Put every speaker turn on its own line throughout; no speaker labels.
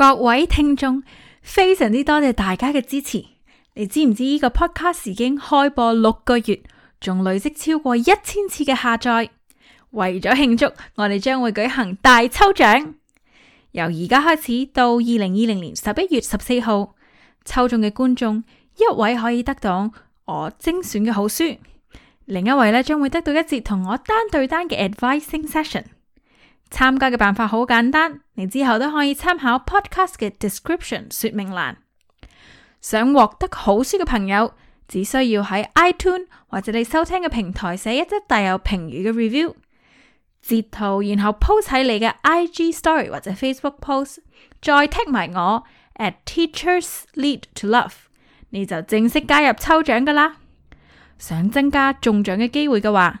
各位聽眾，非常之多謝大家嘅支持。你知唔知呢個 podcast 已經開播六個月，仲累積超過一千次嘅下載？為咗慶祝，我哋將會舉行大抽獎。由而家開始到二零二零年十一月十四號，抽中嘅觀眾一位可以得到我精選嘅好書，另一位咧將會得到一節同我單對單嘅 advising session。參加嘅辦法好簡單，你之後都可以參考 podcast 嘅 description 說明欄。想獲得好書嘅朋友，只需要喺 iTunes 或者你收聽嘅平台寫一則帶有評語嘅 review 截圖，然後鋪喺你嘅 IG story 或者 Facebook post，再 tag 埋我 at teachers lead to love，你就正式加入抽獎㗎喇。想增加中獎嘅機會嘅話，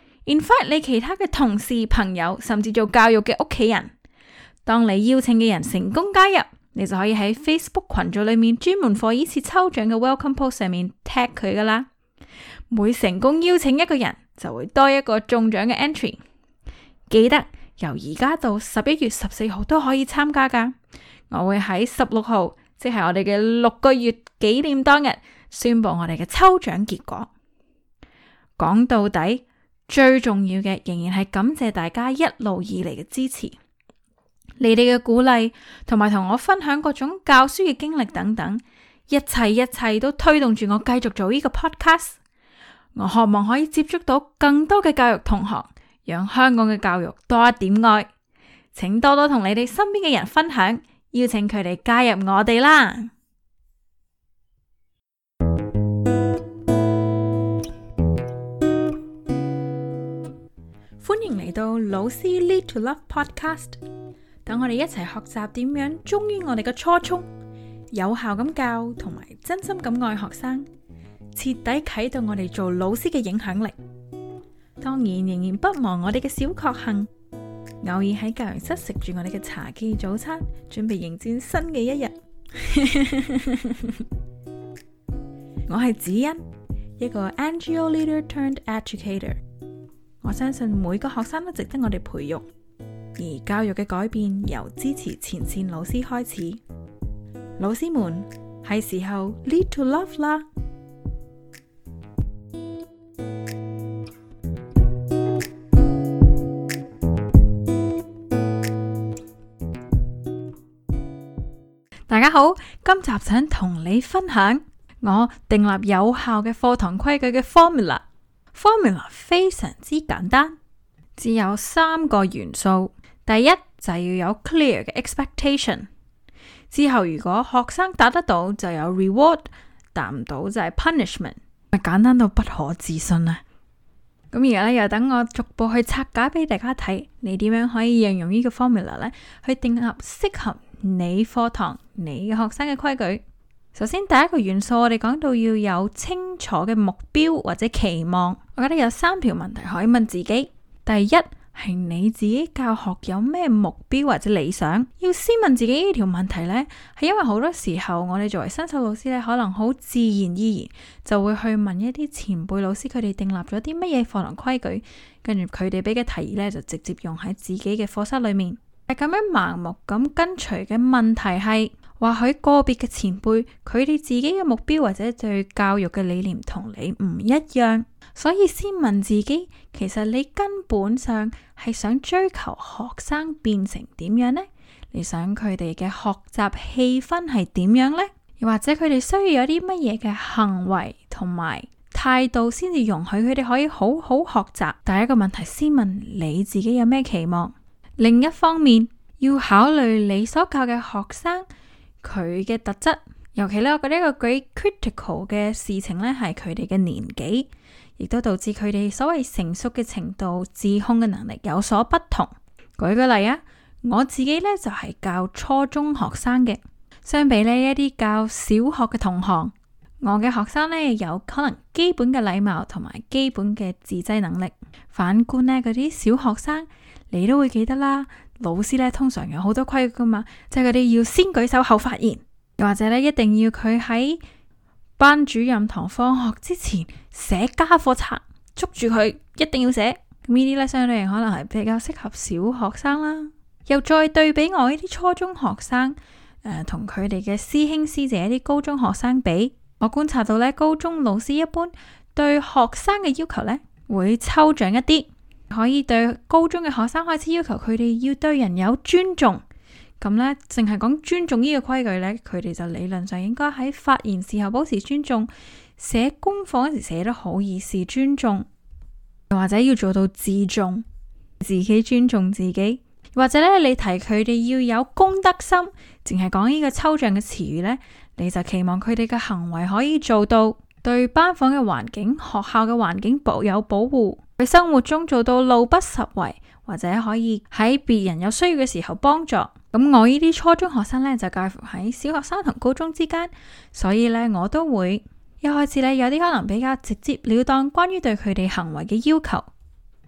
In fact，你其他嘅同事、朋友，甚至做教育嘅屋企人，當你邀請嘅人成功加入，你就可以喺 Facebook 群組裏面專門放呢次抽獎嘅 Welcome Post 上面 tag 佢噶啦。每成功邀請一個人，就會多一個中獎嘅 entry。記得由而家到十一月十四號都可以參加噶。我會喺十六號，即係我哋嘅六個月紀念當日，宣布我哋嘅抽獎結果。講到底。最重要嘅仍然係感謝大家一路以嚟嘅支持，你哋嘅鼓勵同埋同我分享各種教書嘅經歷等等，一切一切都推動住我繼續做呢個 podcast。我渴望可以接觸到更多嘅教育同學，讓香港嘅教育多一點愛，請多多同你哋身邊嘅人分享，邀請佢哋加入我哋啦。歡迎嚟到老師 Lead to Love Podcast，等我哋一齊學習點樣，忠於我哋嘅初衷，有效咁教，同埋真心咁愛學生，徹底啟動我哋做老師嘅影響力。當然，仍然不忘我哋嘅小確幸，偶爾喺教研室，食住我哋嘅茶記早餐，準備迎接新嘅一日。 我係子欣，一個 NGO leader turned educator。Turn ed educ 我相信每個學生都值得我哋培育，而教育嘅改變由支持前線老師開始。老師們，係時候 Lead To Love 啦！大家好，今集想同你分享我訂立有效嘅課堂規矩嘅 formula。formula 非常之簡單，只有三個元素。第一就要有 clear 嘅 expectation。之後如果學生答得到就有 reward，答唔到就係 punishment。咪簡單到不可置信啦！咁而家咧又等我逐步去拆解俾大家睇，你點樣可以應用呢個 formula 咧去定立適合你課堂、你嘅學生嘅規矩。首先第一個元素，我哋講到要有清楚嘅目標或者期望，我覺得有三條問題可以問自己。第一係你自己教學有咩目標或者理想？要先問自己呢條問題呢，係因為好多時候我哋作為新手老師呢，可能好自然而然就會去問一啲前輩老師，佢哋訂立咗啲乜嘢課堂規矩，跟住佢哋俾嘅提議呢，就直接用喺自己嘅課室裏面。係咁樣盲目咁跟隨嘅問題係。或許個別嘅前輩，佢哋自己嘅目標或者對教育嘅理念同你唔一樣，所以先問自己，其實你根本上係想追求學生變成點樣呢？你想佢哋嘅學習氣氛係點樣呢？又或者佢哋需要有啲乜嘢嘅行為同埋態度，先至容許佢哋可以好好學習？第一個問題，先問你自己有咩期望？另一方面，要考慮你所教嘅學生。佢嘅特質，尤其咧，我覺得一個幾 critical 嘅事情呢，係佢哋嘅年紀，亦都導致佢哋所謂成熟嘅程度、自控嘅能力有所不同。舉個例啊，我自己呢，就係、是、教初中學生嘅，相比呢一啲教小學嘅同行，我嘅學生呢，有可能基本嘅禮貌同埋基本嘅自制能力。反觀呢，嗰啲小學生，你都會記得啦。老師咧，通常有好多規矩㗎嘛，即係佢哋要先舉手後發言，又或者咧，一定要佢喺班主任堂放學之前寫家課冊，捉住佢一定要寫。咁呢啲咧，相對嚟可能係比較適合小學生啦。又再對比我呢啲初中學生，誒同佢哋嘅師兄師姐啲高中學生比，我觀察到咧，高中老師一般對學生嘅要求咧，會抽象一啲。可以對高中嘅學生開始要求佢哋要對人有尊重，咁呢，淨係講尊重呢個規矩呢，佢哋就理論上應該喺發言時候保持尊重，寫功課嗰時寫得好，以示尊重，或者要做到自重，自己尊重自己，或者呢，你提佢哋要有公德心，淨係講呢個抽象嘅詞語呢，你就期望佢哋嘅行為可以做到對班房嘅環境、學校嘅環境保有保護。喺生活中做到路不拾遺，或者可以喺別人有需要嘅時候幫助。咁我呢啲初中學生呢，就介乎喺小學生同高中之間，所以呢，我都會一開始呢，有啲可能比較直接了當，關於對佢哋行為嘅要求，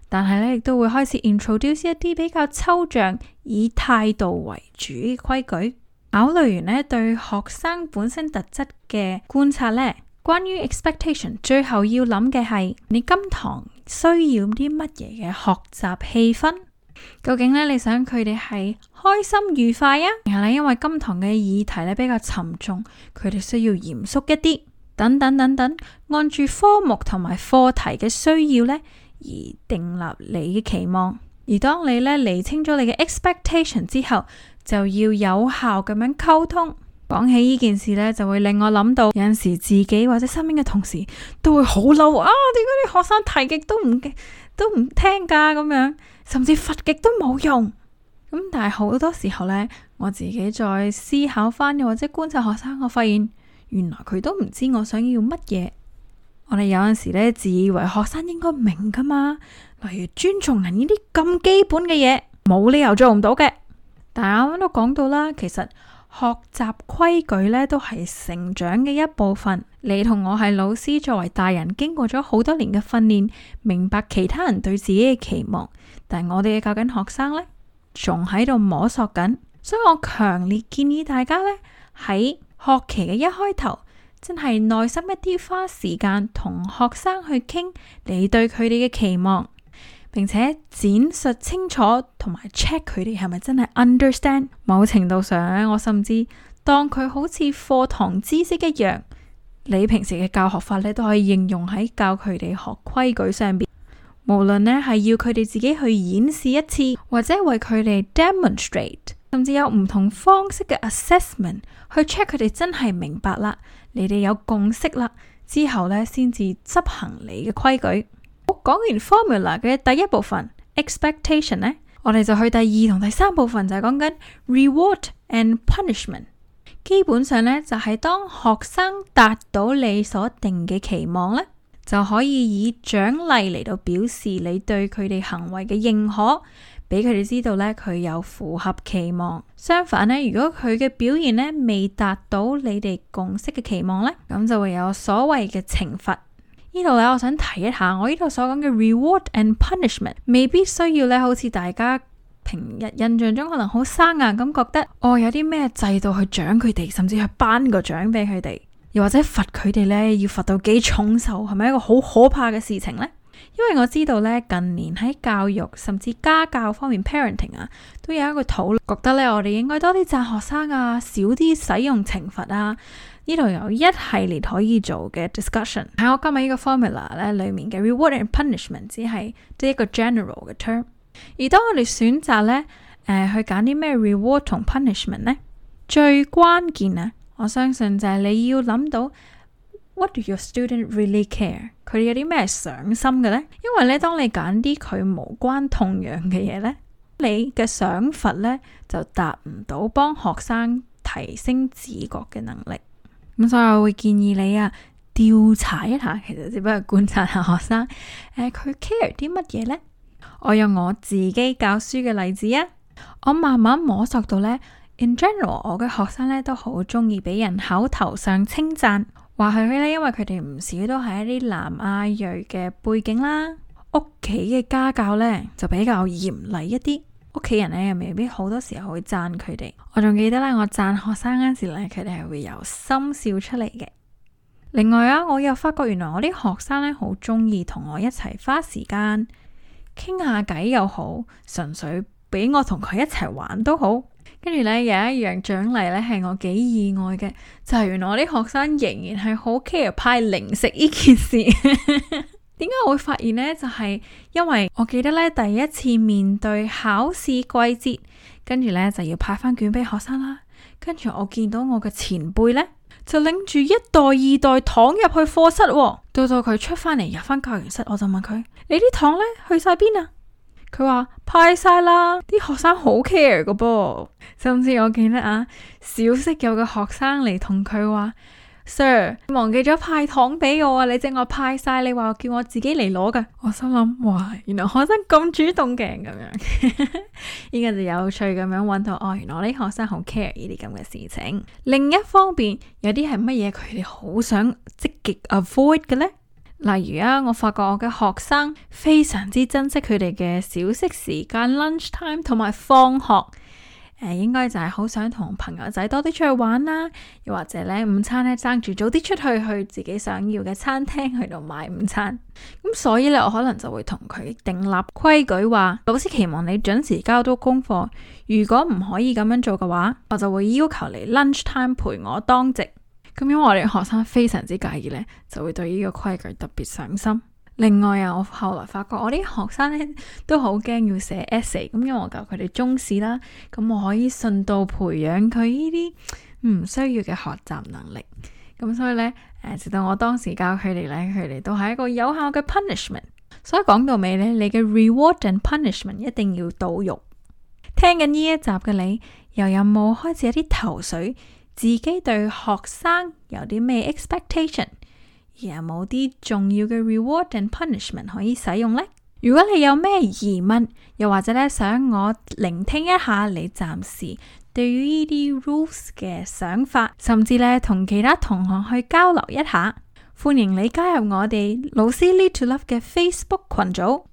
但係呢，亦都會開始 introduce 一啲比較抽象以態度為主嘅規矩。考慮完呢對學生本身特質嘅觀察呢，關於 expectation，最後要諗嘅係你今堂需要啲乜嘢嘅學習氣氛？究竟咧，你想佢哋係開心愉快啊？然後咧，因為今堂嘅議題咧，比較沉重，佢哋需要嚴肅一啲，等等等等，按住科目同埋課題嘅需要呢，而訂立你嘅期望。而當你呢釐清咗你嘅 expectation 之後，就要有效咁樣溝通。講起呢件事呢，就會令我諗到有陣時自己或者身邊嘅同事都會好嬲啊，點解啲學生提極都唔都唔聽噶咁樣，甚至罰極都冇用。咁但係好多時候呢，我自己再思考翻，又或者觀察學生，我發現原來佢都唔知我想要乜嘢。我哋有陣時咧，自以為學生應該明噶嘛，例如尊重人呢啲咁基本嘅嘢，冇理由做唔到嘅。但係啱啱都講到啦，其實學習規矩呢，都係成長嘅一部分。你同我係老師，作為大人，經過咗好多年嘅訓練，明白其他人對自己嘅期望。但我哋嘅教緊學生呢，仲喺度摸索緊，所以我強烈建議大家呢，喺學期嘅一開頭，真係耐心一啲，花時間同學生去傾你對佢哋嘅期望，並且展述清楚，同埋 check 佢哋係咪真係 understand。某程度上咧，我甚至當佢好似課堂知識一樣，你平時嘅教學法咧，都可以應用喺教佢哋學規矩上面。無論咧，係要佢哋自己去演示一次，或者為佢哋 demonstrate，甚至有唔同方式嘅 assessment 去 check 佢哋真係明白啦，你哋有共識啦，之後咧，先至執行你嘅規矩。講完 formula 嘅第一部分 expectation 呢，我哋就去第二同第三部分，就係講緊 reward and punishment。基本上呢，就係當學生達到你所定嘅期望呢，就可以以獎勵嚟到表示你對佢哋行為嘅認可，俾佢哋知道呢，佢有符合期望。相反呢，如果佢嘅表現呢未達到你哋共識嘅期望呢，咁就會有所謂嘅懲罰。呢度咧，我想提一下，我呢度所講嘅 reward and punishment 未必需要咧，好似大家平日印象中可能好生硬咁覺得哦有啲咩制度去獎佢哋，甚至去頒個獎俾佢哋，又或者罰佢哋咧，要罰到幾重手，係咪一個好可怕嘅事情呢？因為我知道咧，近年喺教育甚至家教方面，parenting 啊，都有一個討論，覺得咧，我哋應該多啲讚學生啊，少啲使用懲罰啊。呢度有一系列可以做嘅 discussion。喺我今日呢個 formula 咧，裡面嘅 reward and punishment 只係即係一個 general 嘅 term。而當我哋選擇咧，誒、呃、去揀啲咩 reward 同 punishment 呢？最關鍵啊，我相信就係你要諗到 what do your student really care？佢哋有啲咩上心嘅呢？因為咧，當你揀啲佢無關痛癢嘅嘢呢，你嘅想法呢，就達唔到幫學生提升自覺嘅能力。咁所以我會建議你啊調查一下，其實只不過觀察下學生，誒佢 care 啲乜嘢呢？我用我自己教書嘅例子啊，我慢慢摸索到呢。In general，我嘅學生呢都好中意俾人口頭上稱讚，話係佢呢，因為佢哋唔少都係一啲南亞裔嘅背景啦，屋企嘅家教呢就比較嚴厲一啲。屋企人咧又未必好多時候會讚佢哋，我仲記得咧，我讚學生嗰時咧，佢哋係會由心笑出嚟嘅。另外啊，我又發覺原來我啲學生咧好中意同我一齊花時間傾下偈又好，純粹俾我同佢一齊玩都好。跟住咧有一樣獎勵咧係我幾意外嘅，就係原來我啲學生仍然係好 care 派零食呢件事。 點解我會發現咧？就係因為我記得咧，第一次面對考試季節，跟住呢就要派翻卷俾學生啦。跟住我見到我嘅前輩呢，就拎住一袋二袋糖入去課室喎。到到佢出翻嚟入翻教研室，我就問佢：你啲糖呢去晒邊啊？佢話派晒啦，啲學生好 care 嘅噃。甚至我記得啊，小息有個學生嚟同佢話。Sir，忘記咗派糖俾我啊！你正話派晒，你話叫我自己嚟攞噶。我心諗，哇，原來學生咁主動嘅咁樣，依 家就有趣咁樣搵到哦。原來啲學生好 care 呢啲咁嘅事情。另一方面，有啲係乜嘢？佢哋好想積極 avoid 嘅呢？例如啊，我發覺我嘅學生非常之珍惜佢哋嘅小息時間 （lunch time） 同埋放學。誒，應該就係好想同朋友仔多啲出去玩啦，又或者咧，午餐咧，爭住早啲出去去自己想要嘅餐廳去度買午餐。咁所以咧，我可能就會同佢訂立規矩，話老師期望你準時交到功課。如果唔可以咁樣做嘅話，我就會要求你 lunch time 陪我當值。咁因為我哋學生非常之介意咧，就會對呢個規矩特別上心。另外啊，我後來發覺我啲學生咧都好驚要寫 essay，咁、嗯、因為我教佢哋中史啦，咁、嗯、我可以順道培養佢呢啲唔需要嘅學習能力。咁、嗯、所以呢，誒，直到我當時教佢哋呢，佢哋都係一個有效嘅 punishment。所以講到尾呢，你嘅 reward and punishment 一定要到肉。聽緊呢一集嘅你，又有冇開始有啲頭緒？自己對學生有啲咩 expectation？而冇啲重要嘅 reward and punishment 可以使用呢？如果你有咩疑問，又或者咧想我聆聽一下你暫時對於呢啲 rules 嘅想法，甚至咧同其他同學去交流一下，歡迎你加入我哋老師 Lead To Love 嘅 Facebook 群組。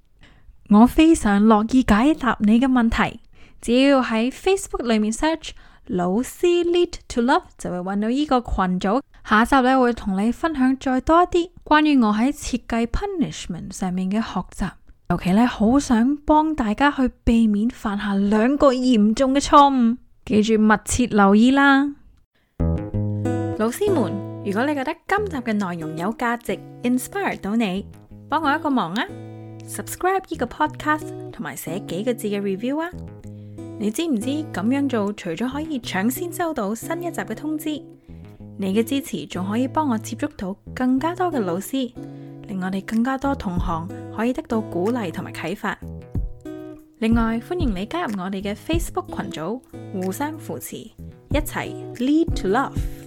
我非常樂意解答你嘅問題，只要喺 Facebook 裏面 search。老師 Lead To Love 就會揾到依個群組，下一集咧會同你分享再多啲關於我喺設計 punishment 上面嘅學習，尤其咧好想幫大家去避免犯下兩個嚴重嘅錯誤，記住密切留意啦。老師們，如果你覺得今集嘅內容有價值，inspire 到你，幫我一個忙啊，subscribe 呢個 podcast 同埋寫幾個字嘅 review 啊！你知唔知咁樣做，除咗可以搶先收到新一集嘅通知，你嘅支持仲可以幫我接觸到更加多嘅老師，令我哋更加多同行可以得到鼓勵同埋啟發。另外，歡迎你加入我哋嘅 Facebook 群組，互相扶持，一齊 Lead To Love。